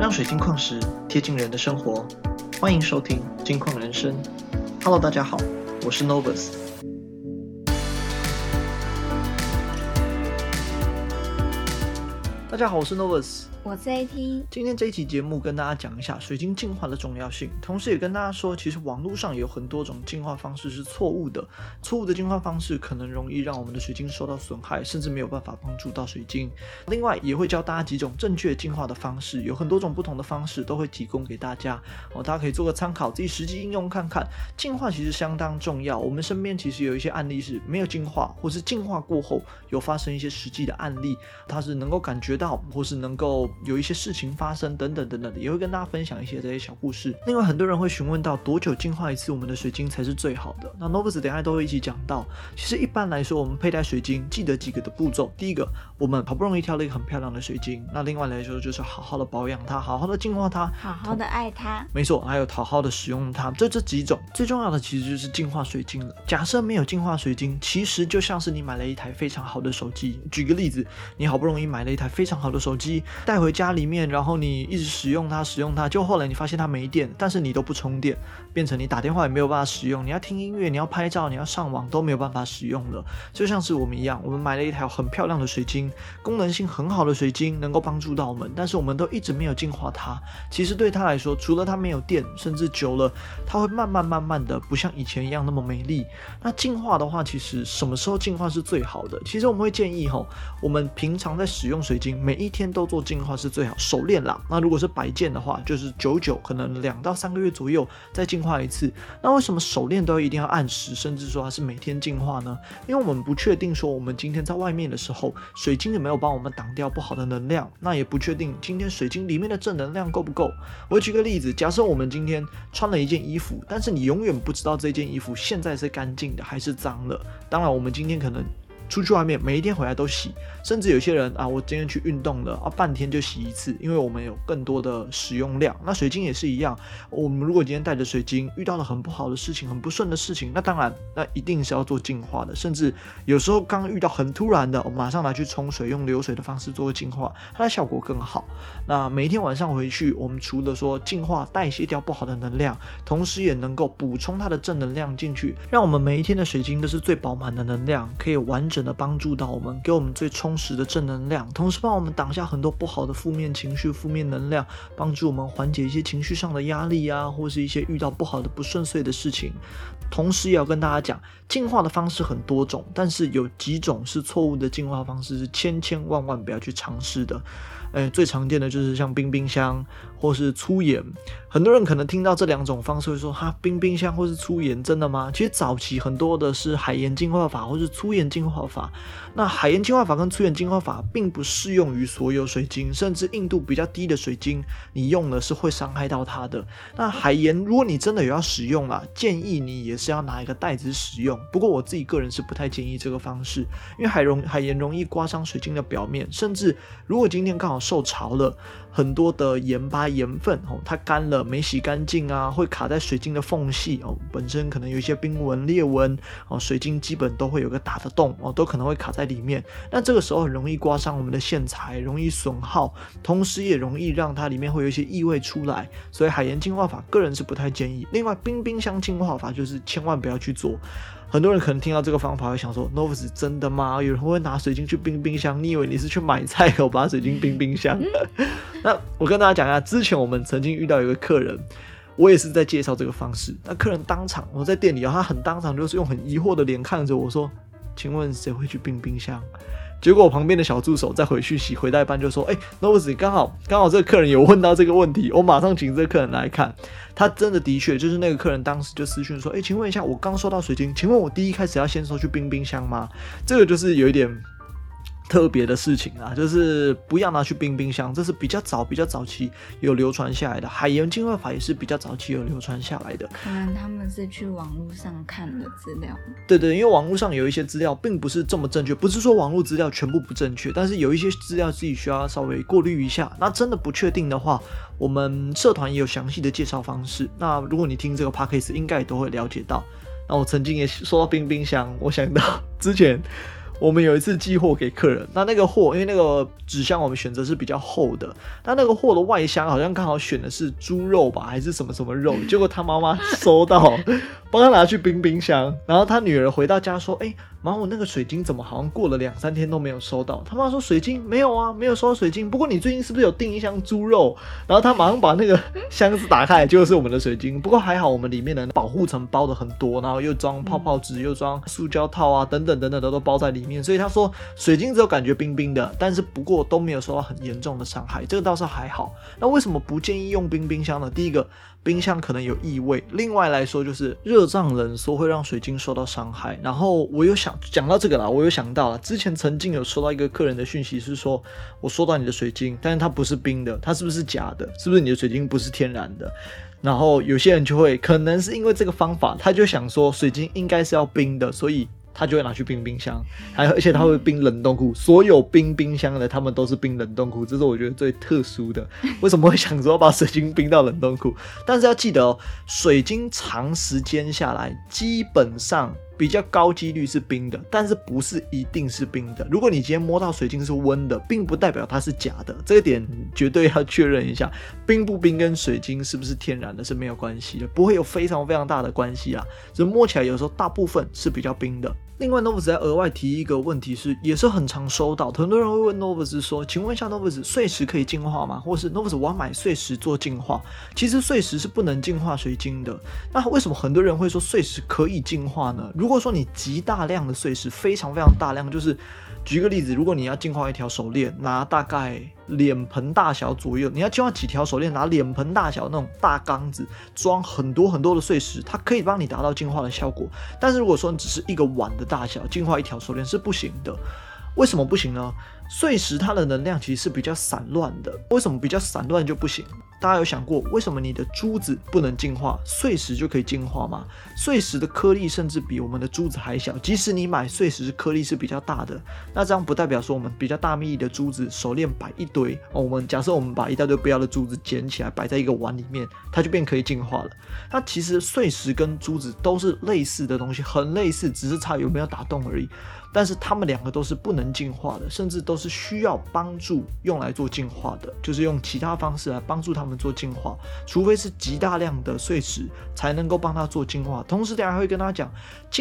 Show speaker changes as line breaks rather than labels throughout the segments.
讓水晶礦石貼近人的生活，歡迎收聽《晶礦人生》。Hello，大家好，我是 Novus。大家好，我是 Novus。我在聽。今天這一期節目跟大家講一下水晶淨化的重要性，同時也跟大家說，其實網絡上有很多種淨化方式是錯誤的，錯誤的淨化方式可能容易讓我們的水晶受到損害，甚至沒有辦法幫助到水晶。另外也會教大家幾種正確淨化的方式，有很多種不同的方式都會提供給大家，哦，大家可以做個參考，自己實際應用看看。淨化其實相當重要，我們身邊其實有一些案例是沒有淨化，或是淨化過後有發生一些實際的案例，它是能夠感覺到，或是能夠。有一些事情發生，等等等等的，也會跟大家分享一些這些小故事。另外，很多人會詢問到多久淨化一次我們的水晶才是最好的？那 Novus 等下都會一起講到。其實一般來說，我們佩戴水晶記得幾個的步驟：第一個，我們好不容易挑了一個很漂亮的水晶，那另外來說就是好好的保養它，好好的淨化它，
好好的愛它。
沒錯，還有好好的使用它。這這幾種最重要的其實就是淨化水晶了。假設沒有淨化水晶，其實就像是你買了一台非常好的手機。舉個例子，你好不容易買了一台非常好的手機，回家裡面，然後你一直使用它，使用它，就後來你發現它沒電，但是你都不充電，變成你打電話也沒有辦法使用，你要聽音樂，你要拍照，你要上網都沒有辦法使用了。就像是我們一樣，我們買了一條很漂亮的水晶，功能性很好的水晶，能夠幫助到我們，但是我們都一直沒有淨化它。其實對它來說，除了它沒有電，甚至久了，它會慢慢慢慢的，不像以前一樣那麼美麗。那淨化的話，其實什麼時候淨化是最好的？其實我們會建議吼，我們平常在使用水晶，每一天都做淨化。話是最好手鏈啦，那如果是擺件的話，就是久久，可能兩到三個月左右再淨化一次。那為什麼手鏈都一定要按時，甚至說它是每天淨化呢？因為我們不確定說我們今天在外面的時候，水晶有沒有幫我們擋掉不好的能量，那也不確定今天水晶裡面的正能量夠不夠。我舉個例子，假設我們今天穿了一件衣服，但是你永遠不知道這件衣服現在是乾淨的還是髒的。當然，我們今天可能。出去外面，每一天回來都洗，甚至有些人啊，我今天去運動了啊，半天就洗一次，因為我們有更多的使用量。那水晶也是一樣，我們如果今天帶着水晶遇到了很不好的事情、很不順的事情，那當然，那一定是要做淨化的。甚至有時候剛遇到很突然的，我馬上拿去沖水，用流水的方式做淨化，它的效果更好。那每一天晚上回去，我們除了說淨化、代謝掉不好的能量，同時也能夠補充它的正能量進去，讓我們每一天的水晶都是最飽滿的能量，可以完整。能幫助到我們，給我們最充實的正能量，同時幫我們擋下很多不好的負面情緒、負面能量，幫助我們緩解一些情緒上的壓力啊，或是一些遇到不好的不順遂的事情。同時也要跟大家講，淨化的方式很多種，但是有幾種是錯誤的淨化方式，是千千萬萬不要去嘗試的。欸，最常見的就是像冰冰箱。或是粗鹽，很多人可能聽到這兩種方式會說：“哈，冰冰箱或是粗鹽，真的嗎？”其實早期很多的是海鹽淨化法或是粗鹽淨化法。那海鹽淨化法跟粗鹽淨化法並不適用於所有水晶，甚至硬度比較低的水晶，你用了是會傷害到它的。那海鹽，如果你真的有要使用啦，建議你也是要拿一個袋子使用。不過我自己個人是不太建議這個方式，因為海容海鹽容易刮傷水晶的表面，甚至如果今天剛好受潮了，很多的鹽巴。鹽分哦，它乾了沒洗乾淨啊，會卡在水晶的縫隙哦。本身可能有一些冰紋裂紋哦，水晶基本都會有個打的洞哦，都可能會卡在裡面。那這個時候很容易刮傷我們的線材，容易損耗，同時也容易讓它裡面會有一些異味出來。所以海鹽淨化法，個人是不太建議。另外，冰冰箱淨化法就是千萬不要去做。很多人可能聽到這個方法會想說 ：“Novus 真的嗎？有人會拿水晶去冰冰箱？你以為你是去買菜，我把水晶冰冰箱？” 那我跟大家講一下，之前我們曾經遇到一個客人，我也是在介紹這個方式。那客人當場，我在店裡啊，他很當場就是用很疑惑的臉看着我說：“請問誰會去冰冰箱？”結果我旁邊的小助手再回訊息回到一半就說：“哎、欸，Novus 剛好剛好這個客人有問到這個問題，我馬上請這個客人來看，他真的的確就是那個客人當時就私訊說：誒、欸，請問一下，我剛收到水晶，請問我第一開始要先收去冰冰箱嗎？這個就是有一點。”特別的事情啊，就是不要拿去冰冰箱，這是比較早、比較早期有流傳下來的海鹽浸潤法，也是比較早期有流傳下來的。可
能他們是去網絡上看的資料。
對對，因為網絡上有一些資料並不是這麼正確，不是說網絡資料全部不正確，但是有一些資料自己需要稍微過濾一下。那真的不確定的話，我們社團也有詳細的介紹方式。那如果你聽這個 podcast 應該也都會了解到。那我曾經也說到冰冰箱，我想到之前。我們有一次寄貨給客人，那那個貨，因為那個紙箱我們選擇是比較厚的，那那個貨的外箱好像剛好選的是豬肉吧，還是什麼什麼肉，結果他媽媽收到，幫他拿去冰冰箱，然後他女兒回到家說，哎、欸。然後我那個水晶怎麼好像過了兩三天都沒有收到？他媽說水晶沒有啊，沒有收到水晶。不過你最近是不是有訂一箱豬肉？然後他馬上把那個箱子打開，就是我們的水晶。不過還好我們裡面的保護層包的很多，然後又裝泡泡紙，又裝塑膠套啊，等等等等的都包在裡面。所以他說水晶只有感覺冰冰的，但是不過都沒有受到很嚴重的傷害，這個倒是還好。那為什麼不建議用冰冰箱呢？第一個。冰箱可能有異味。另外來說，就是熱脹冷縮會讓水晶受到傷害。然後我又想講到這個啦，我又想到了之前曾經有收到一個客人的訊息，是說，我收到你的水晶，但是它不是冰的，它是不是假的？是不是你的水晶不是天然的？然後有些人就會可能是因為這個方法，他就想說水晶應該是要冰的，所以。他就會拿去冰冰箱，還有而且他會冰冷凍庫、嗯，所有冰冰箱的他們都是冰冷凍庫，這是我覺得最特殊的。為什麼會想說把水晶冰到冷凍庫？但是要記得哦，水晶長時間下來，基本上。比較高幾率是冰的，但是不是一定是冰的。如果你今天摸到水晶是溫的，並不代表它是假的，這一點絕對要確認一下。冰不冰跟水晶是不是天然的是沒有關係的，不會有非常非常大的關係啊。只是摸起來有時候大部分是比較冰的。另外，Novus 再額外提一個問題是，也是很常收到，很多人會問 Novus 說：“請問一下，Novus 碎石可以淨化嗎？或是 Novus 我要買碎石做淨化？其實碎石是不能淨化水晶的。那為什麼很多人會說碎石可以淨化呢？如果說你極大量的碎石，非常非常大量，就是……舉個例子，如果你要淨化一條手鏈，拿大概臉盆大小左右，你要淨化幾條手鏈？拿臉盆大小那種大缸子裝很多很多的碎石，它可以幫你達到淨化的效果。但是如果說你只是一個碗的大小，淨化一條手鏈是不行的。為什麼不行呢？碎石它的能量其實是比較散亂的。為什麼比較散亂就不行？大家有想過，為什麼你的珠子不能淨化，碎石就可以淨化嗎？碎石的顆粒甚至比我們的珠子還小。即使你買碎石，顆粒是比較大的，那這樣不代表說我們比較大密的珠子手鏈擺一堆。哦，我們假設我們把一大堆不要的珠子撿起來，擺在一個碗裡面，它就變可以淨化了。它其實碎石跟珠子都是類似的東西，很類似，只是差有沒有打洞而已。但是他們兩個都是不能淨化的，甚至都是需要幫助用來做淨化的，就是用其他方式來幫助他們做淨化，除非是極大量的碎石才能夠幫他做淨化。同時，等下還會跟大家講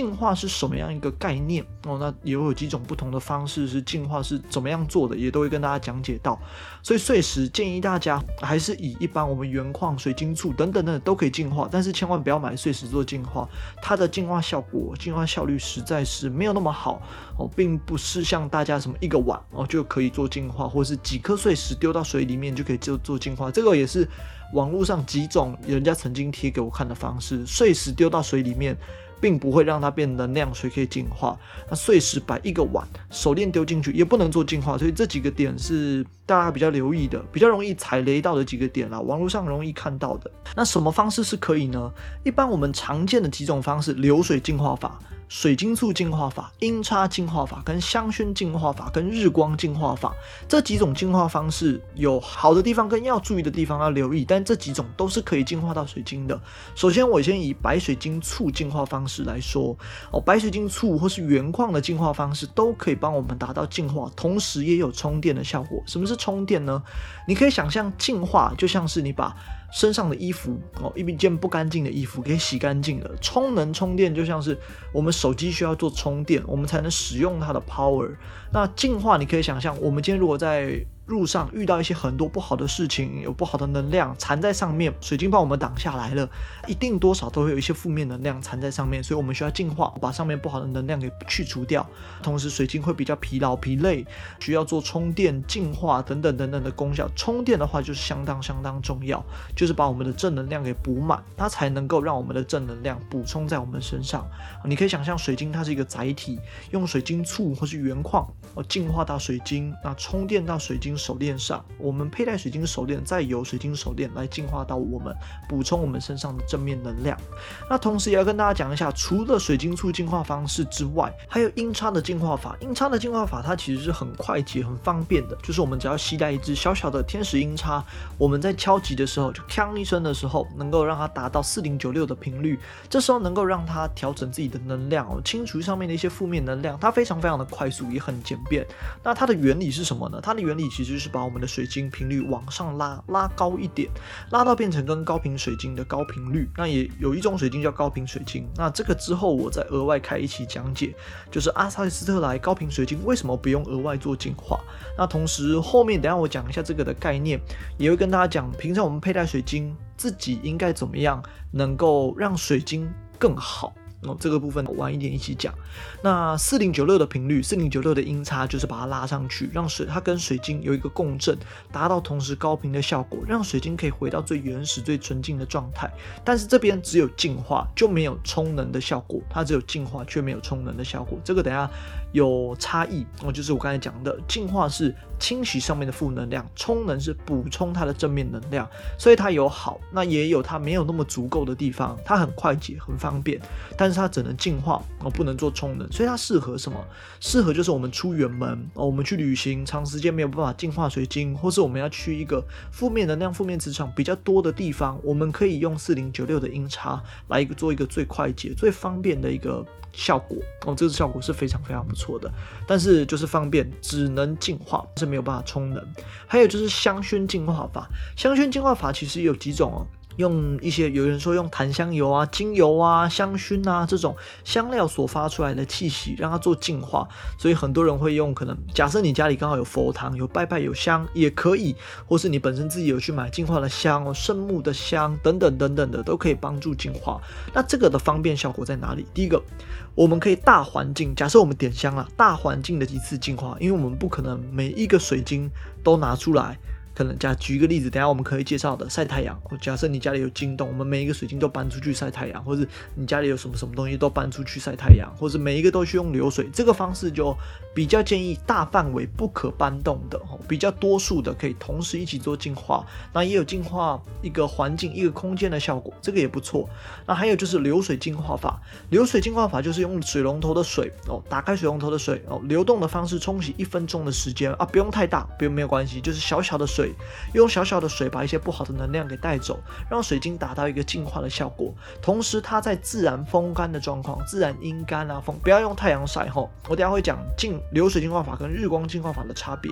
淨化是什麼樣一個概念哦，那也會有幾種不同的方式是淨化是怎麼樣做的，也都會跟大家講解到。所以碎石建議大家還是以一般我們原礦、水晶柱等等等都可以淨化，但是千萬不要買碎石做淨化。它的淨化效果、淨化效率實在是沒有那麼好哦，並不是像大家什麼一個碗哦就可以做淨化，或是幾顆碎石丟到水裡面就可以就做淨化，這個也是網絡上幾種人家曾經貼給我看的方式，碎石丟到水裡面。並不會讓它變得亮，所以水可以淨化。那碎石擺一個碗，手鏈丟進去也不能做淨化，所以這幾個點是大家比較留意的，比較容易踩雷到的幾個點啦。網絡上容易看到的，那什麼方式是可以呢？一般我們常見的幾種方式，流水淨化法。水晶簇淨化法、音叉淨化法、跟香薰淨化法、跟日光淨化法，這幾種淨化方式有好的地方跟要注意的地方要留意，但這幾種都是可以淨化到水晶的。首先，我先以白水晶簇淨化方式來說哦，白水晶簇或是原礦的淨化方式都可以幫我們達到淨化，同時也有充電的效果。什麼是充電呢？你可以想象淨化就像是你把。身上的衣服哦，一一件不乾淨的衣服可以洗乾淨了。充能充電就像是我們手機需要做充電，我們才能使用它的 power。那淨化，你可以想象，我們今天如果在路上遇到一些很多不好的事情，有不好的能量纏在上面，水晶幫我們擋下來了，一定多少都會有一些負面能量纏在上面，所以我們需要淨化，把上面不好的能量給去除掉。同時，水晶會比較疲勞、疲累，需要做充電、淨化等等等等的功效。充電的話就是相當相當重要，就是把我們的正能量給補滿，它才能夠讓我們的正能量補充在我們身上。你可以想象，水晶它是一個載體，用水晶簇或是原礦。哦，淨化到水晶，那充電到水晶手鏈上，我們佩戴水晶手鏈，再由水晶手鏈來淨化到我們補充我們身上的正面能量。那同時也要跟大家講一下，除了水晶簇淨化方式之外，還有音叉的淨化法。音叉的淨化法它其實是很快捷、很方便的，就是我們只要攜帶一支小小的天使音叉，我們在敲擊的時候就鏘一聲的時候，能夠讓它達到四零九六的頻率，這時候能夠讓它調整自己的能量，清除上面的一些負面能量。它非常非常的快速，也很。簡便，那它的原理是什麼呢？它的原理其實就是把我們的水晶頻率往上拉，拉高一點，拉到變成跟高頻水晶的高頻率。那也有一種水晶叫高頻水晶，那這個之後我再額外開一期講解，就是阿塞斯特萊高頻水晶為什麼不用額外做淨化。那同時後面等一下我講一下這個的概念，也會跟大家講，平常我們佩戴水晶自己應該怎麼樣，能夠讓水晶更好。哦，這個部分晚一點一起講。那四零九六的頻率，四零九六的音叉就是把它拉上去，讓水它跟水晶有一個共振，達到同時高頻的效果，讓水晶可以回到最原始、最純淨的狀態。但是這邊只有淨化，就沒有充能的效果。它只有淨化，卻沒有充能的效果。這個等一下。有差異哦，就是我剛才講的，淨化是清洗上面的負能量，充能是補充它的正面能量，所以它有好，那也有它沒有那麼足夠的地方，它很快捷、很方便，但是它只能淨化而不能做充能，所以它適合什麼？適合就是我們出遠門哦，我們去旅行，長時間沒有辦法淨化水晶，或是我們要去一個負面能量、負面磁場比較多的地方，我們可以用四零九六的音叉來一個做一個最快捷、最方便的一個。效果哦，這個效果是非常非常不錯的，但是就是方便，只能淨化但是沒有辦法充能，還有就是香薰淨化法，香薰淨化法其實有幾種哦。用一些有人說用檀香油啊、精油啊、香薰啊這種香料所發出來的氣息，讓它做淨化。所以很多人會用，可能假設你家裡剛好有佛堂、有拜拜、有香也可以，或是你本身自己有去買淨化的香哦，聖木的香等等等等的都可以幫助淨化。那這個的方便效果在哪裡？第一個，我們可以大環境，假設我們點香了，大環境的一次淨化，因為我們不可能每一個水晶都拿出來。可能假舉一個例子，等下我們可以介紹的曬太陽。假設你家裡有晶洞，我們每一個水晶都搬出去曬太陽，或者是你家裡有什麼什麼東西都搬出去曬太陽，或者是每一個都去用流水，這個方式就比較建議大範圍不可搬動的哦，比較多數的可以同時一起做淨化，那也有淨化一個環境一個空間的效果，這個也不錯。那還有就是流水淨化法，流水淨化法就是用水龍頭的水哦，打開水龍頭的水哦，流動的方式沖洗一分鐘的時間啊，不用太大，不用沒有關係，就是小小的水。用小小的水把一些不好的能量給帶走，讓水晶達到一個淨化的效果。同時，它在自然風乾的狀況，自然陰乾啊，風不要用太陽曬吼，我等一下會講淨流水淨化法跟日光淨化法的差別。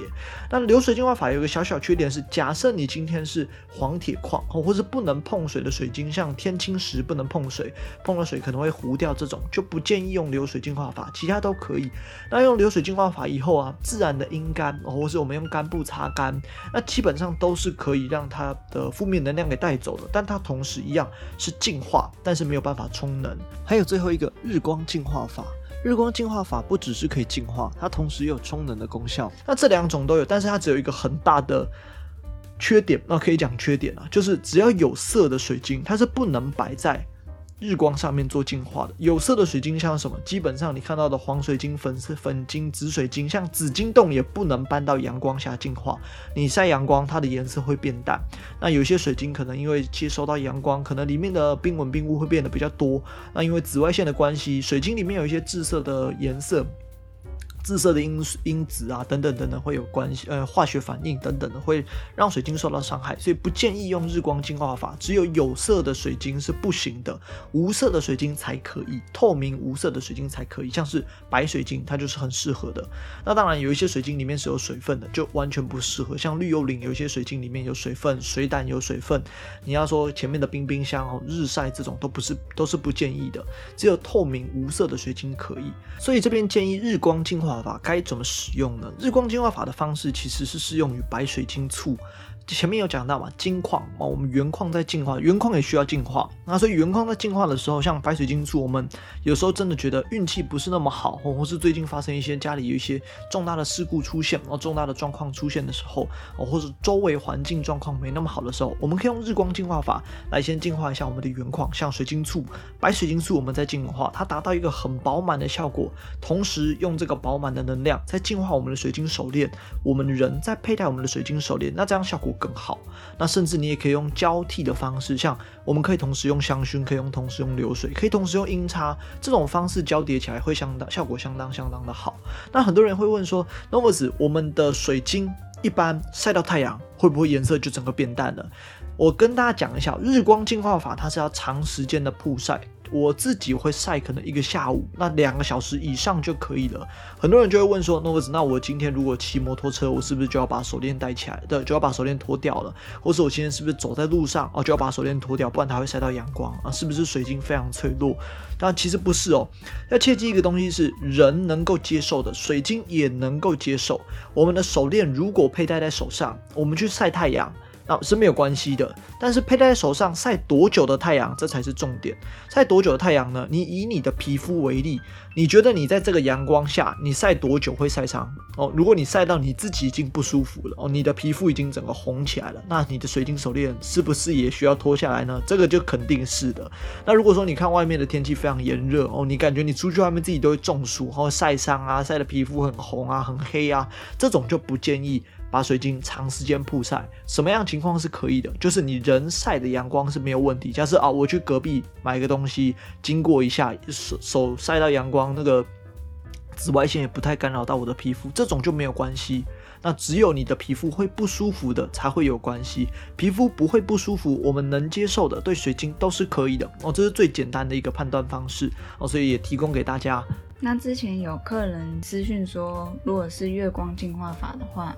那流水淨化法有個小小缺點是，假設你今天是黃鐵礦，或是不能碰水的水晶，像天青石不能碰水，碰了水可能會糊掉。這種就不建議用流水淨化法，其他都可以。那用流水淨化法以後啊，自然的陰乾，或是我們用乾布擦乾，那。基本上都是可以讓它的負面能量給帶走的，但它同時一樣是淨化，但是沒有辦法充能。還有最後一個日光淨化法，日光淨化法不只是可以淨化，它同時也有充能的功效。那這兩種都有，但是它只有一個很大的缺點，那、呃、可以講缺點啊，就是只要有色的水晶，它是不能擺在。日光上面做淨化的，有色的水晶像什麼？基本上你看到的黃水晶、粉色粉晶、紫水晶，像紫晶洞也不能搬到陽光下淨化。你曬陽光，它的顏色會變淡。那有些水晶可能因為接收到陽光，可能裡面的冰紋冰霧會變得比較多。那因為紫外線的關係，水晶裡面有一些致色的顏色自色的因因子啊，等等等等會有關係，呃，化學反應等等的會讓水晶受到傷害，所以不建議用日光淨化法。只有有色的水晶是不行的，無色的水晶才可以，透明無色的水晶才可以，像是白水晶它就是很適合的。那當然有一些水晶裡面是有水分的，就完全不適合。像綠幽靈，有一些水晶裡面有水分，水膽有水分，你要說前面的冰冰箱哦，日曬這種都不是都是不建議的，只有透明無色的水晶可以。所以這邊建議日光淨化。該怎麼使用呢？日光淨化法的方式其實是適用於白水晶簇。前面有講到嘛，晶礦啊，哦，我們原礦在淨化，原礦也需要淨化。那所以原礦在淨化的時候，像白水晶簇，我們有時候真的覺得運氣不是那麼好，或者是最近發生一些家裡有一些重大的事故出現，然後重大的狀況出現的時候，哦，或者周圍環境狀況沒那麼好的時候，我們可以用日光淨化法來先淨化一下我們的原礦，像水晶簇，白水晶簇，我們再淨化，它達到一個很飽滿的效果，同時用這個飽滿的能量再淨化我們的水晶手鏈，我們人在佩戴我們的水晶手鏈，那這樣效果更好，那甚至你也可以用交替的方式，像我們可以同時用香薰，可以用同時用流水，可以同時用音叉，這種方式交疊起來會相當效果相當相當的好。那很多人會問說，Novus 我們的水晶一般曬到太陽會不會顏色就整個變淡了？我跟大家講一下，日光淨化法它是要長時間的曝曬，我自己會曬可能一個下午，那兩個小時以上就可以了。很多人就會問說，Novus，那我今天如果騎摩托車，我是不是就要把手鏈戴起來？對，就要把手鏈脫掉了。或是我今天是不是走在路上，哦，就要把手鏈脫掉，不然它會曬到陽光啊？是不是水晶非常脆弱？當然其實不是哦，要切記一個東西是人能夠接受的，水晶也能夠接受。我們的手鏈如果佩戴在手上，我們去曬太陽。啊、哦，是沒有關係的，但是佩戴在手上曬多久的太陽，這才是重點。曬多久的太陽呢？你以你的皮膚為例，你覺得你在這個陽光下，你曬多久會曬傷？哦，如果你曬到你自己已經不舒服了，哦，你的皮膚已經整個紅起來了，那你的水晶手鏈是不是也需要脫下來呢？這個就肯定是的。那如果說你看外面的天氣非常炎熱，哦，你感覺你出去外面自己都會中暑，然後曬傷啊，曬得皮膚很紅啊，很黑啊，這種就不建議。把水晶長時間曝曬，什麼樣情況是可以的？就是你人曬的陽光是沒有問題。假設啊，我去隔壁買個東西，經過一下手手曬到陽光，那個紫外線也不太干擾到我的皮膚，這種就沒有關係。那只有你的皮膚會不舒服的才會有關係。皮膚不會不舒服，我們能接受的，對水晶都是可以的哦。這是最簡單的一個判斷方式哦，所以也提供給大家。
那之前有客人私訊說，如果是月光淨化法的話。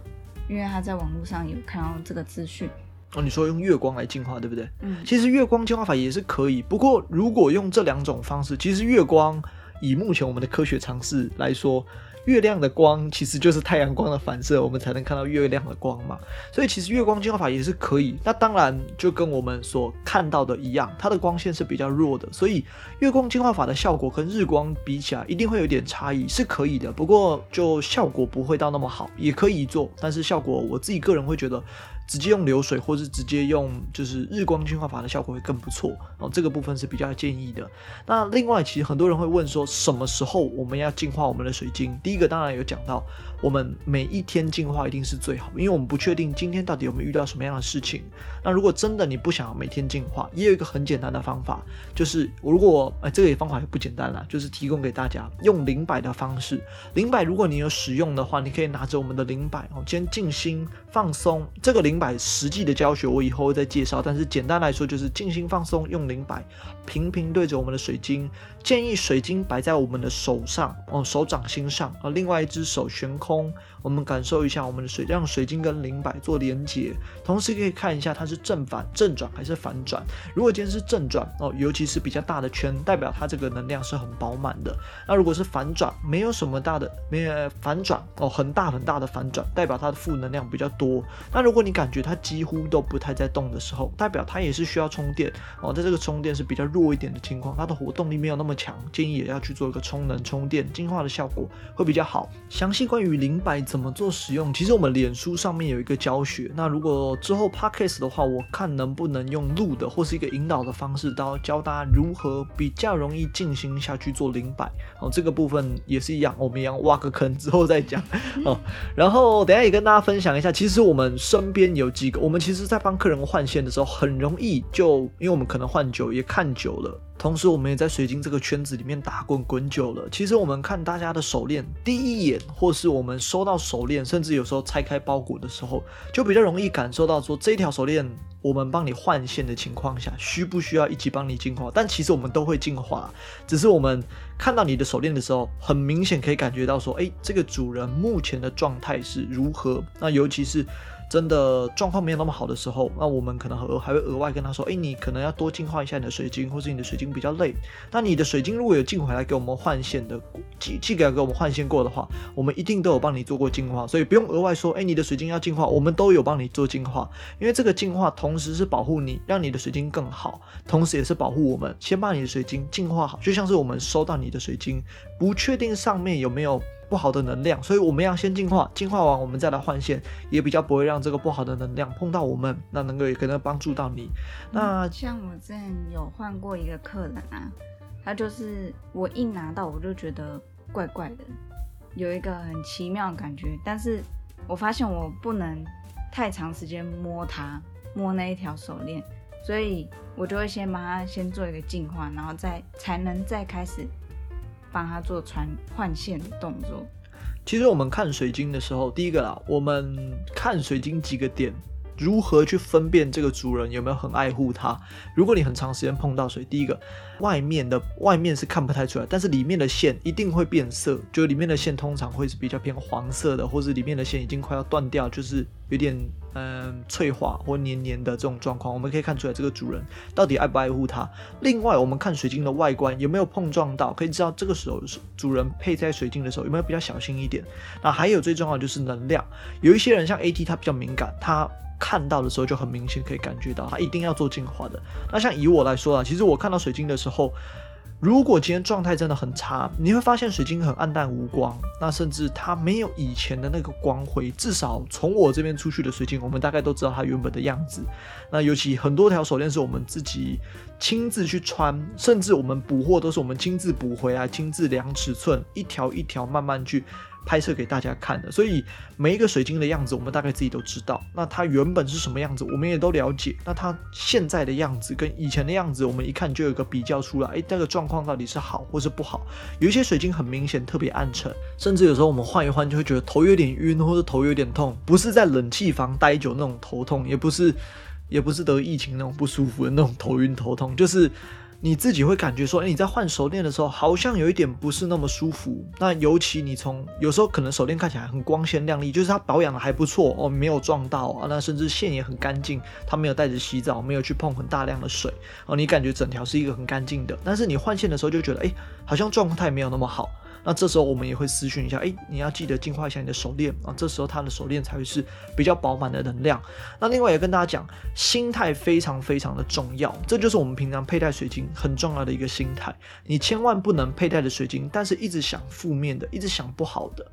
因為他在網絡上有看到這個資訊
哦，你說用月光來淨化，對不對？嗯，其實月光淨化法也是可以，不過如果用這兩種方式，其實月光以目前我們的科學常識來說。月亮的光其實就是太陽光的反射，我們才能看到月亮的光嘛。所以其實月光淨化法也是可以，那當然就跟我們所看到的一樣，它的光線是比較弱的，所以月光淨化法的效果跟日光比起來，一定會有點差異，是可以的。不過就效果不會到那麼好，也可以做，但是效果我自己個人會覺得。直接用流水，或是直接用就是日光淨化法的效果會更不錯哦。這個部分是比較建議的。那另外，其實很多人會問說，什麼時候我們要淨化我們的水晶？第一個當然有講到，我們每一天淨化一定是最好，因為我們不確定今天到底有沒有遇到什麼樣的事情。那如果真的你不想每天淨化，也有一個很簡單的方法，就是我如果哎這個方法也不簡單啦，就是提供給大家用靈擺的方式。靈擺如果你有使用的話，你可以拿着我們的靈擺哦，先靜心放鬆這個靈擺。擺實際的教學，我以後會再介紹。但是簡單來說，就是靜心放鬆，用靈擺。平平對着我們的水晶，建議水晶擺在我們的手上，哦手掌心上，啊、哦，另外一隻手懸空，我們感受一下我們的水晶，讓水晶跟靈擺做連接，同時可以看一下它是正反正轉還是反轉。如果今天是正轉，哦，尤其是比較大的圈，代表它這個能量是很飽滿的。那如果是反轉，沒有什麼大的，沒反轉，哦，很大很大的反轉，代表它的負能量比較多。那如果你感覺它幾乎都不太在動的時候，代表它也是需要充電，哦，在這個充電是比較弱。多一點的情況，它的活動力沒有那麼強，建議也要去做一個充能充電淨化的效果會比較好。詳細關於靈擺怎麼做使用，其實我們臉書上面有一個教學。那如果之後 Podcast 的話，我看能不能用錄的或是一個引導的方式，到教大家如何比較容易進行下去做靈擺。哦，這個部分也是一樣，我們一樣挖個坑之後再講哦。然後等下也跟大家分享一下，其實我們身邊有幾個，我們其實在幫客人換線的時候，很容易就因為我們可能換久也看。久了，同時我們也在水晶這個圈子裡面打滾滾久了。其實我們看大家的手鏈，第一眼，或是我們收到手鏈，甚至有時候拆開包裹的時候，就比較容易感受到說，這條手鏈我們幫你換線的情況下，需不需要一起幫你淨化，但其實我們都會淨化，只是我們看到你的手鏈的時候，很明顯可以感覺到說，誒，這個主人目前的狀態是如何？那尤其是，真的狀況沒有那麼好的時候，那我們可能還還會額外跟他說，哎，你可能要多淨化一下你的水晶，或是你的水晶比較累。那你的水晶如果有寄回來給我們換線的，寄寄給給我們換線過的話，我們一定都有幫你做過淨化，所以不用額外說，哎，你的水晶要淨化，我們都有幫你做淨化。因為這個淨化同時是保護你，讓你的水晶更好，同時也是保護我們。先把你的水晶淨化好，就像是我們收到你的水晶，不確定上面有沒有。不好的能量，所以我們要先淨化，淨化完我們再來換線，也比較不會讓這個不好的能量碰到我們，那能夠也可能幫助到你。
那像我之前有換過一個客人啊，他就是我一拿到我就覺得怪怪的，有一個很奇妙的感覺，但是我發現我不能太長時間摸它，摸那一條手鏈，所以我就會先把它先做一個淨化，然後再才能再開始。幫他做穿換線的動作。
其實我們看水晶的時候，第一個啦，我們看水晶幾個點。如何去分辨這個主人有沒有很愛護它？如果你很長時間碰到水，第一個，外面的外面是看不太出來，但是裡面的線一定會變色，就裡面的線通常會是比較偏黃色的，或是裡面的線已經快要斷掉，就是有點嗯脆化或黏黏的這種狀況，我們可以看出來這個主人到底愛不愛護它。另外，我們看水晶的外觀有沒有碰撞到，可以知道這個時候主人佩戴水晶的時候有沒有比較小心一點。那還有最重要的就是能量，有一些人像 A T 他比較敏感，他，看到的時候就很明顯，可以感覺到它一定要做淨化的。那像以我來說啊，其實我看到水晶的時候，如果今天狀態真的很差，你會發現水晶很暗淡無光，那甚至它沒有以前的那個光輝。至少從我這邊出去的水晶，我們大概都知道它原本的樣子。那尤其很多條手鏈是我們自己親自去穿，甚至我們補貨都是我們親自補回來，親自量尺寸，一條一條慢慢去。拍攝給大家看的，所以每一個水晶的樣子，我們大概自己都知道。那它原本是什麼樣子，我們也都了解。那它現在的樣子跟以前的樣子，我們一看就有個比較出來。欸，那個狀況到底是好或是不好？有一些水晶很明顯特別暗沉，甚至有時候我們換一換就會覺得頭有點暈，或者頭有點痛。不是在冷氣房待久那種頭痛，也不是，也不是得疫情那種不舒服的那種頭暈頭痛，就是。你自己會感覺說，哎，你在換手鏈的時候，好像有一點不是那麼舒服。那尤其你從有時候可能手鏈看起來很光鮮亮麗，就是它保養的還不錯哦，沒有撞到啊，那甚至線也很乾淨，它沒有帶着洗澡，沒有去碰很大量的水哦，你感覺整條是一個很乾淨的。但是你換線的時候就覺得，哎，好像狀態沒有那麼好。那這時候我們也會私訊一下，哎、欸，你要記得淨化一下你的手鏈啊。這時候它的手鏈才會是比較飽滿的能量。那另外也跟大家講，心態非常非常的重要，這就是我們平常佩戴水晶很重要的一個心態。你千萬不能佩戴的水晶，但是一直想負面的，一直想不好的。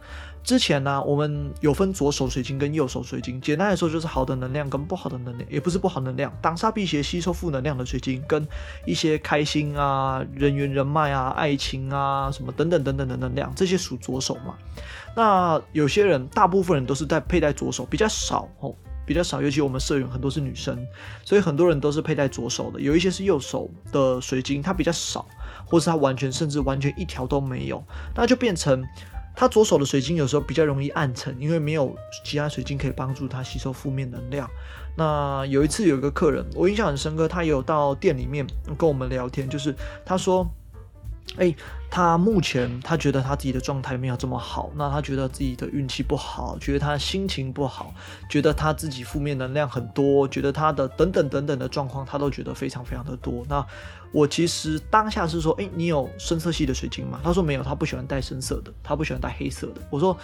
之前呢、啊，我們有分左手水晶跟右手水晶，簡單來說就是好的能量跟不好的能量，也不是不好的能量，擋煞辟邪、吸收負能量的水晶，跟一些開心啊、人緣、人脈啊、愛情啊什麼等等等等的。能量這些屬左手嘛？那有些人，大部分人都是在佩戴左手，比較少哦，比較少。尤其我們社員很多是女生，所以很多人都是佩戴左手的。有一些是右手的水晶，它比較少，或是它完全甚至完全一條都沒有，那就變成他左手的水晶有時候比較容易暗沉，因為沒有其他水晶可以幫助他吸收負面能量。那有一次有一個客人，我印象很深刻，他也有到店裡面跟我們聊天，就是他說：“哎、欸。”他目前他覺得他自己的狀態沒有這麼好，那他覺得自己的運氣不好，覺得他心情不好，覺得他自己負面能量很多，覺得他的等等等等的狀況他都覺得非常非常的多。那我其實當下是說，哎、欸，你有深色系的水晶嗎？他說沒有，他不喜歡帶深色的，他不喜歡帶黑色的。我說，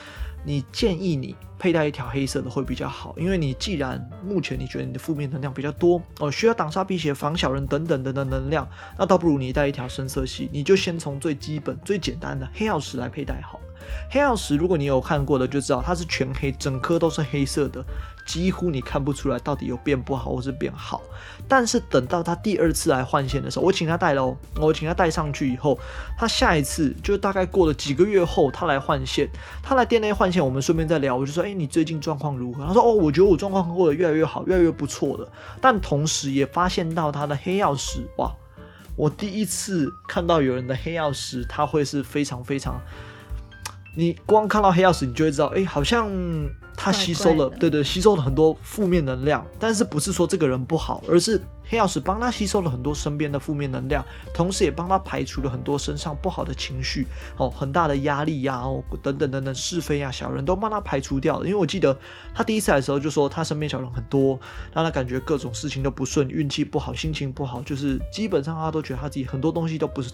你建議你佩戴一條黑色的會比較好，因為你既然目前你覺得你的負面能量比較多哦、呃，需要擋煞辟邪防小人等等等等能量，那倒不如你帶一條深色系，你就先從最基。基本最簡單的黑曜石來佩戴。好，黑曜石，如果你有看過的就知道，它是全黑，整顆都是黑色的，幾乎你看不出來到底有變不好或是變好。但是等到他第二次來換線的時候，我請他戴嘍、哦，我請他戴上去以後，他下一次就大概過了幾個月後，他來換線，他來店內換線，我們順便再聊，我就說：“哎、欸，你最近狀況如何？”他說：“哦，我覺得我狀況過得越來越好，越來越不錯了。”但同時也發現到他的黑曜石，哇！我第一次看到有人的黑曜石，它會是非常非常，你光看到黑曜石，你就會知道，哎，好像。他吸收了怪怪，對對，吸收了很多負面能量，但是不是說這個人不好，而是黑曜石幫他吸收了很多身邊的負面能量，同時也幫他排除了很多身上不好的情緒，哦，很大的壓力呀、啊，哦，等等等等，是非呀、啊，小人都幫他排除掉了。因為我記得他第一次來的時候就說他身邊小人很多，讓他感覺各種事情都不順，運氣不好，心情不好，就是基本上他都覺得他自己很多東西都不是。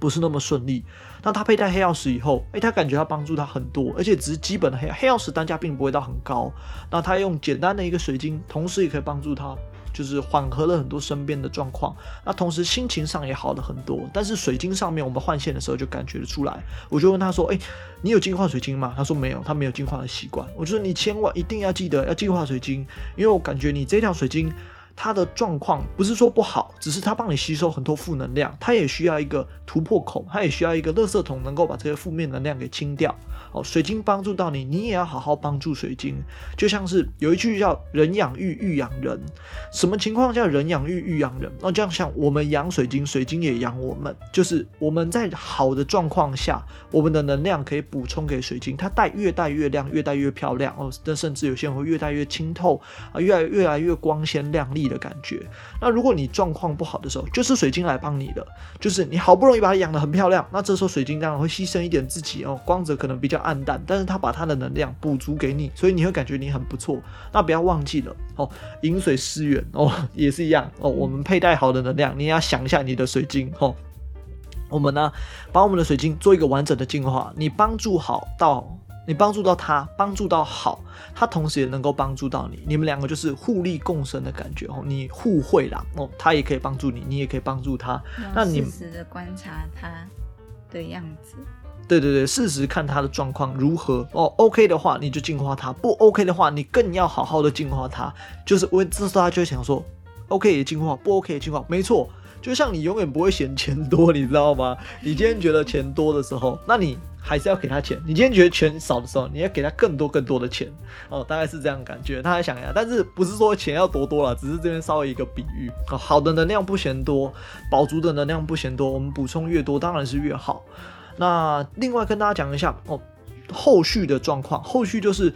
不是那麼順利。那他佩戴黑曜石以後，誒、欸，他感覺他幫助他很多，而且只是基本的黑黑曜石單價並不會到很高。那他用簡單的一個水晶，同時也可以幫助他，就是緩和了很多身邊的狀況。那同時心情上也好了很多。但是水晶上面，我們換線的時候就感覺得出來。我就問他說：“誒、欸，你有淨化水晶嗎？”他說：“沒有，他沒有淨化的習慣。”我就說：“你千萬一定要記得要淨化水晶，因為我感覺你這條水晶。”它的狀況不是說不好，只是它幫你吸收很多負能量，它也需要一個突破口，它也需要一個垃圾桶，能夠把這些負面能量給清掉。哦，水晶幫助到你，你也要好好幫助水晶。就像是有一句叫人育“人養玉，玉養人”，什麼情況下人養玉，玉養人？哦，這樣像我們養水晶，水晶也養我們。就是我們在好的狀況下，我們的能量可以補充給水晶，它戴越戴越亮，越戴越漂亮哦。甚至有些人會越戴越清透啊，越來越來越光鮮亮麗。的感覺。那如果你狀況不好的時候，就是水晶來幫你的，就是你好不容易把它養得很漂亮，那這時候水晶當然會犧牲一點自己哦，光澤可能比較暗淡，但是它把它的能量補足給你，所以你會感覺你很不錯。那不要忘記了哦，飲水思源哦，也是一樣哦。我們佩戴好的能量，你要想一下你的水晶哦。我們呢、啊，把我們的水晶做一個完整的淨化，你幫助好到。你幫助到他，幫助到好，他同時也能夠幫助到你，你們兩個就是互利共生的感覺哦。你互惠啦哦，他也可以幫助你，你也可以幫助他。那你時時
的觀察他的樣子，
對對對，實時看他的狀況如何哦。OK 的話，你就淨化他；不 OK 的話，你更要好好的淨化他。就是我這時候他就會想說，OK 也淨化，不 OK 也淨化，沒錯。就像你永遠不會嫌錢多，你知道嗎？你今天覺得錢多的時候，那你。還是要給他錢。你今天覺得錢少的時候，你要給他更多更多的錢哦，大概是這樣的感覺。大家想一下，但是不是說錢要多多了，只是這邊稍微一個比喻。好的能量不嫌多，飽足的能量不嫌多，我們補充越多當然是越好。那另外跟大家講一下哦，後續的狀況，後續就是。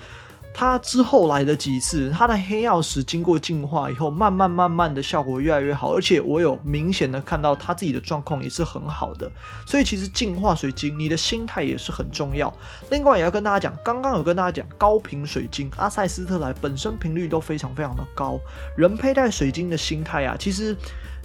他之後來的幾次，他的黑曜石經過淨化以後，慢慢慢慢的效果越來越好，而且我有明顯的看到他自己的狀況也是很好的。所以其實淨化水晶，你的心態也是很重要。另外也要跟大家講，剛剛有跟大家講高頻水晶阿塞斯特萊本身頻率都非常非常的高。人佩戴水晶的心態啊，其實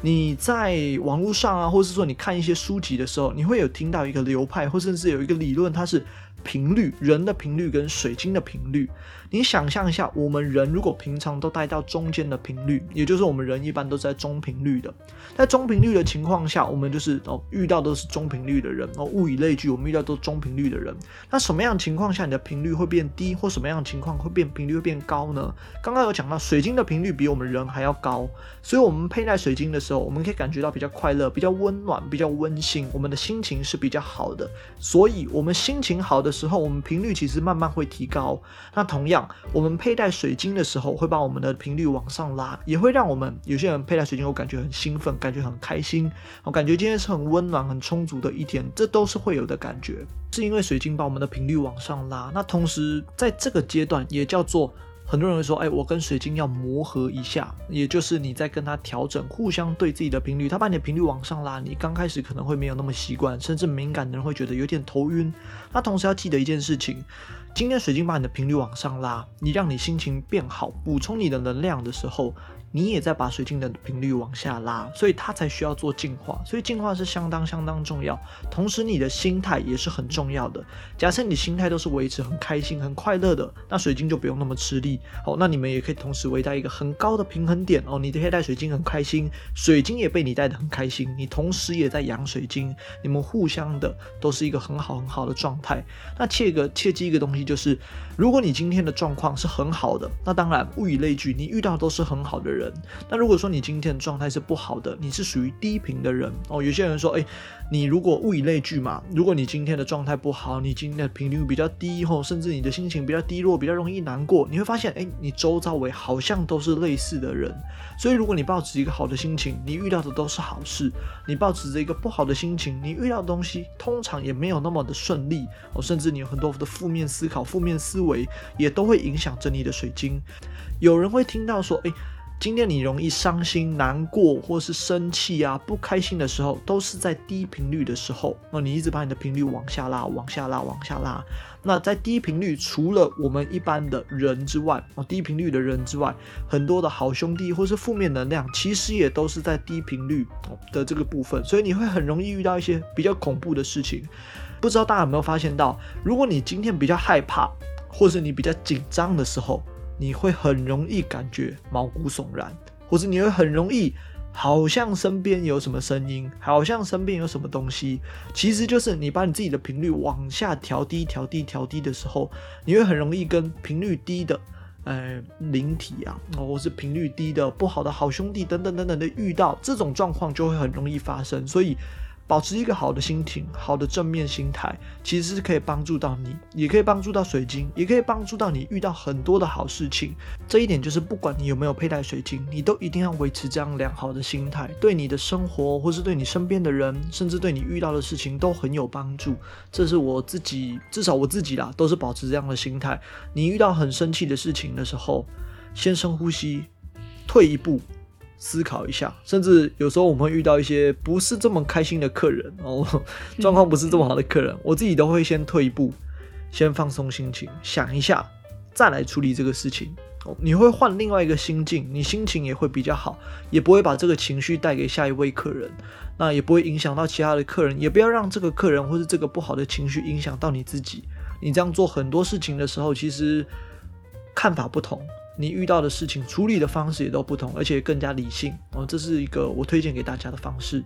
你在網絡上啊，或是說你看一些書籍的時候，你會有聽到一個流派，或甚至有一個理論，它是頻率人的頻率跟水晶的頻率。你想象一下，我們人如果平常都帶到中間的頻率，也就是我們人一般都是在中頻率的，在中頻率的情況下，我們就是哦遇到都是中頻率的人，哦物以類聚，我們遇到都是中頻率的人。那什麼樣情況下你的頻率會變低，或什麼樣情況會變頻率會變高呢？剛剛有講到，水晶的頻率比我們人還要高，所以我們佩戴水晶的時候，我們可以感覺到比較快樂、比較溫暖、比較溫馨，我們的心情是比較好的。所以，我們心情好的時候，我們頻率其實慢慢會提高。那同樣。我們佩戴水晶的時候，會把我們的頻率往上拉，也會讓我們有些人佩戴水晶，我感覺很興奮，感覺很開心，我感覺今天是很溫暖、很充足的一天，這都是會有的感覺，是因為水晶把我們的頻率往上拉。那同時，在這個階段，也叫做。很多人會說，哎、欸，我跟水晶要磨合一下，也就是你在跟他調整，互相對自己的頻率，他把你的頻率往上拉，你剛開始可能會沒有那麼習慣，甚至敏感的人會覺得有點頭暈。那同時要記得一件事情，今天水晶把你的頻率往上拉，你讓你心情變好，補充你的能量的時候，你也在把水晶的頻率往下拉，所以它才需要做淨化。所以淨化是相當相當重要。同時，你的心態也是很重要的。假設你心態都是維持很開心、很快樂的，那水晶就不用那麼吃力。好、哦，那你們也可以同時圍在一個很高的平衡點哦。你攜帶水晶很開心，水晶也被你帶的很開心。你同時也在養水晶，你們互相的都是一個很好很好的狀態。那切個切記一個東西就是，如果你今天的狀況是很好的，那當然物以類聚，你遇到都是很好的人，人，那如果說你今天的狀態是不好的，你是屬於低頻的人哦。有些人說，誒、欸，你如果物以類聚嘛，如果你今天的狀態不好，你今天的頻率比較低哦，甚至你的心情比較低落，比較容易難過，你會發現，誒、欸，你周遭為好像都是類似的人。所以，如果你保持一個好的心情，你遇到的都是好事；你保持着一個不好的心情，你遇到的東西通常也沒有那麼的順利哦。甚至你有很多的負面思考、負面思維，也都會影響着你的水晶。有人會聽到說，誒、欸……今天你容易傷心、難過，或是生氣啊，不開心的時候，都是在低頻率的時候。那、哦、你一直把你的頻率往下拉，往下拉，往下拉。那在低頻率，除了我們一般的人之外，哦、低頻率的人之外，很多的好兄弟或是負面能量，其實也都是在低頻率的這個部分，所以你會很容易遇到一些比較恐怖的事情。不知道大家有沒有發現到，如果你今天比較害怕，或是你比較緊張的時候，你會很容易感覺毛骨悚然，或者你會很容易好像身邊有什麼聲音，好像身邊有什麼東西。其實就是你把你自己的頻率往下調低、調低、調低的時候，你會很容易跟頻率低的呃靈體啊，或者是頻率低的不好的好兄弟等等等等的遇到，這種狀況就會很容易發生。所以。保持一個好的心情、好的正面心態，其實是可以幫助到你，也可以幫助到水晶，也可以幫助到你遇到很多的好事情。這一點就是，不管你有沒有佩戴水晶，你都一定要維持這樣良好的心態，對你的生活，或是對你身邊的人，甚至對你遇到的事情都很有幫助。這是我自己，至少我自己啦，都是保持這樣的心態。你遇到很生氣的事情的時候，先深呼吸，退一步。思考一下，甚至有時候我們會遇到一些不是這麼開心的客人哦，狀況不是這麼好的客人，我自己都會先退一步，先放鬆心情，想一下，再來處理這個事情。哦，你會換另外一個心境，你心情也會比較好，也不會把這個情緒帶給下一位客人，那也不會影響到其他的客人，也不要讓這個客人或是這個不好的情緒影響到你自己。你這樣做很多事情的時候，其實看法不同。你遇到的事情處理的方式也都不同，而且更加理性哦。這是一個我推薦給大家的方式。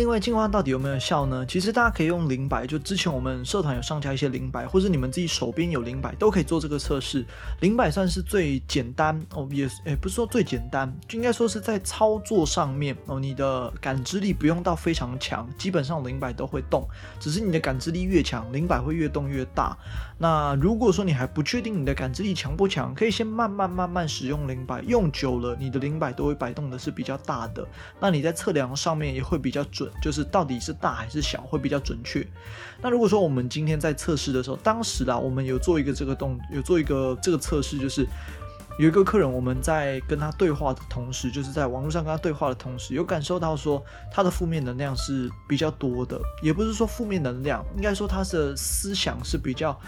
另外，淨化到底有沒有效呢？其實大家可以用靈擺，就之前我們社團有上架一些靈擺，或是你們自己手邊有靈擺，都可以做這個測試。靈擺算是最簡單哦，也、yes，也、欸、不是說最簡單，就應該說是在操作上面哦，你的感知力不用到非常強，基本上靈擺都會動。只是你的感知力越強，靈擺會越動越大。那如果說你還不確定你的感知力強不強，可以先慢慢慢慢使用靈擺，用久了你的靈擺都會擺動的是比較大的，那你在測量上面也會比較準。就是到底是大還是小會比較準確。那如果說我們今天在測試的時候，當時啊，我們有做一個這個動，有做一個這個測試，就是有一個客人，我們在跟他對話的同時，就是在網絡上跟他對話的同時，有感受到說他的負面能量是比較多的，也不是說負面能量，應該說他的思想是比較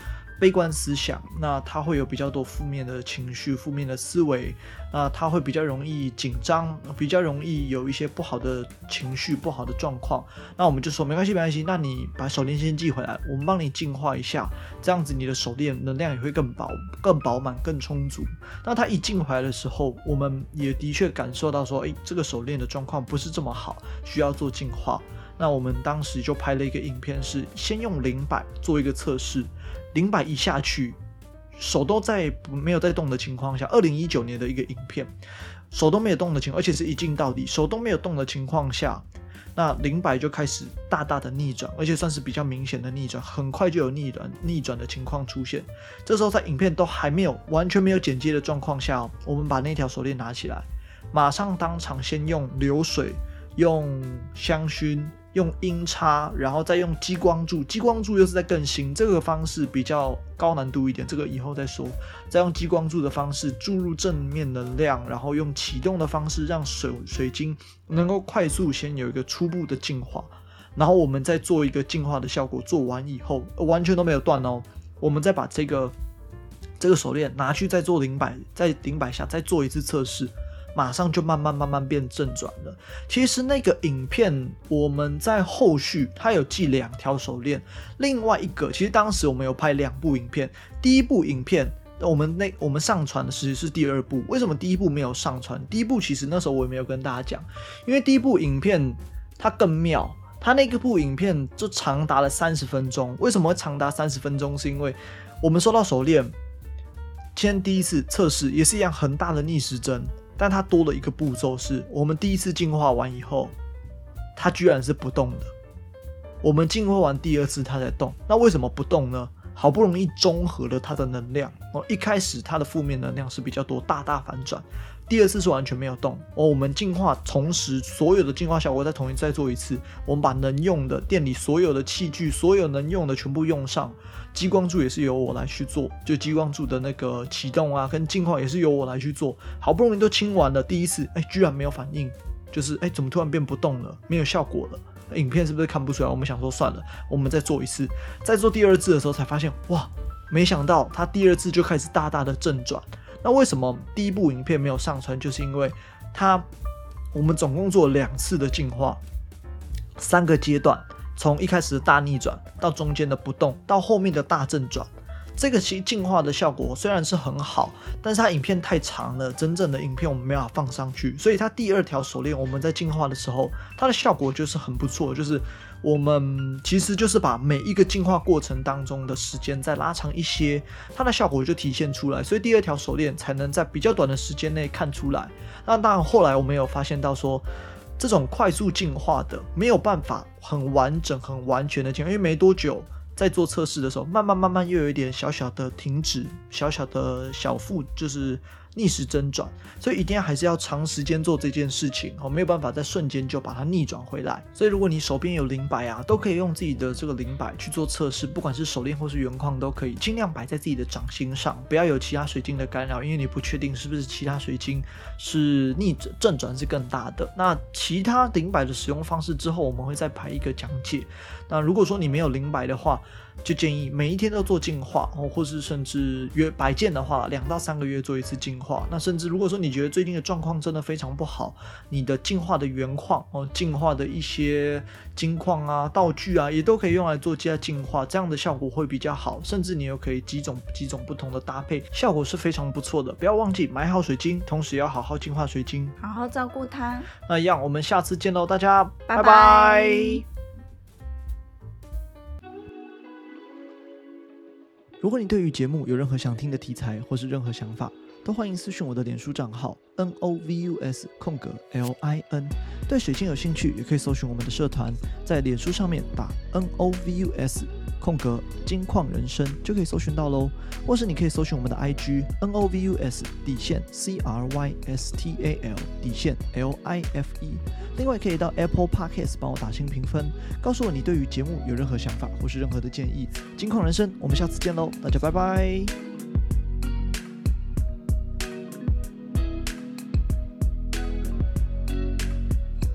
悲觀思想，那他會有比較多負面的情緒、負面的思維，那他會比較容易緊張，比較容易有一些不好的情緒、不好的狀況。那我們就說沒關係，沒關係，那你把手鏈先寄回來，我們幫你淨化一下，這樣子你的手鏈能量也會更飽、更飽滿、更充足。當它一進回來的時候，我們也的確感受到說，誒、欸，這個手鏈的狀況不是這麼好，需要做淨化。那我們當時就拍了一個影片，是先用靈擺做一個測試，靈擺一下去，手都在沒有在動的情況下，二零一九年的一個影片，手都沒有動的情況，而且是一鏡到底，手都沒有動的情況下，那靈擺就開始大大的逆轉，而且算是比較明顯的逆轉，很快就有逆轉逆轉的情況出現。這時候在影片都還沒有完全沒有剪接的狀況下哦，我們把那條手鏈拿起來，馬上當場先用流水，用香薰。用音叉，然後再用激光柱，激光柱又是在更新這個方式比較高難度一點，這個以後再說。再用激光柱的方式注入正面能量，然後用啟動的方式讓水水晶能夠快速先有一個初步的淨化，然後我們再做一個淨化的效果。做完以後，呃，完全都沒有斷哦，我們再把這個這個手鏈拿去再做靈擺，在靈擺下再做一次測試。馬上就慢慢慢慢變正轉了。其實那個影片，我們在後續它有寄兩條手鏈，另外一個其實當時我們有拍兩部影片，第一部影片我們那我們上傳的其實是第二部，為什麼第一部沒有上傳？第一部其實那時候我也沒有跟大家講，因為第一部影片它更妙，它那個部影片就長達了三十分鐘。為什麼會長達三十分鐘？是因為我們收到手鏈，先第一次測試也是一樣很大的逆時針。但它多了一個步驟，是我們第一次淨化完以後，它居然是不動的。我們淨化完第二次，它才動。那為什麼不動呢？好不容易中和了它的能量哦，一開始它的負面能量是比較多，大大反轉。第二次是完全沒有動哦。我們淨化同時，所有的淨化效果再重新再做一次，我們把能用的店裡所有的器具，所有能用的全部用上。激光柱也是由我來去做，就激光柱的那個啟動啊，跟淨化也是由我來去做。好不容易都清完了，第一次，哎、欸，居然沒有反應，就是哎、欸，怎麼突然變不動了？沒有效果了、欸？影片是不是看不出來？我們想說算了，我們再做一次。再做第二次的時候，才發現哇，沒想到他第二次就開始大大的正轉。那為什麼第一部影片沒有上傳？就是因為他，我們總共做了兩次的淨化，三個階段。從一開始的大逆轉，到中間的不動，到後面的大正轉，這個其實淨化的效果雖然是很好，但是它影片太長了，真正的影片我們沒法放上去。所以它第二條手鏈，我們在淨化的時候，它的效果就是很不錯，就是我們其實就是把每一個淨化過程當中的時間再拉長一些，它的效果就體現出來。所以第二條手鏈才能在比較短的時間內看出來。那當然後來我們有發現到說。這種快速淨化的沒有辦法很完整、很完全的淨化，因為沒多久在做測試的時候，慢慢、慢慢又有一點小小的停止，小小的小腹就是。逆時針轉，所以一定要還是要長時間做這件事情哦，沒有辦法在瞬間就把它逆轉回來。所以如果你手邊有靈擺啊，都可以用自己的這個靈擺去做測試，不管是手鏈或是原礦都可以，盡量擺在自己的掌心上，不要有其他水晶的干擾，因為你不確定是不是其他水晶是逆正轉是更大的。那其他靈擺的使用方式之後，我們會再排一個講解。那如果說你沒有靈擺的話，就建議每一天都做淨化哦，或是甚至約擺件的話，兩到三個月做一次淨化。那甚至如果說你覺得最近的狀況真的非常不好，你的淨化的原礦哦，淨化的一些晶礦啊、道具啊，也都可以用來做加他淨化，這樣的效果會比較好。甚至你又可以幾種幾種不同的搭配，效果是非常不錯的。不要忘記買好水晶，同時也要好好淨化水晶，
好好照顧它。
那一樣，我們下次見囉，大家，拜拜。拜拜如果你對於節目有任何想聽的題材，或是任何想法，都歡迎私訊我的臉書賬號 N O V U S 空格 L I N。對水晶有興趣，也可以搜尋我們的社團，在臉書上面打 N O V U S 空格晶礦人生，就可以搜尋到嘍。或是你可以搜尋我們的 I G，N O V U S 底線 C R Y S T A L 底線 L I F E。另外可以到 Apple Podcast 幫我打新評分，告訴我你對於節目有任何想法或是任何的建議。晶礦人生，我們下次見嘍，大家拜拜。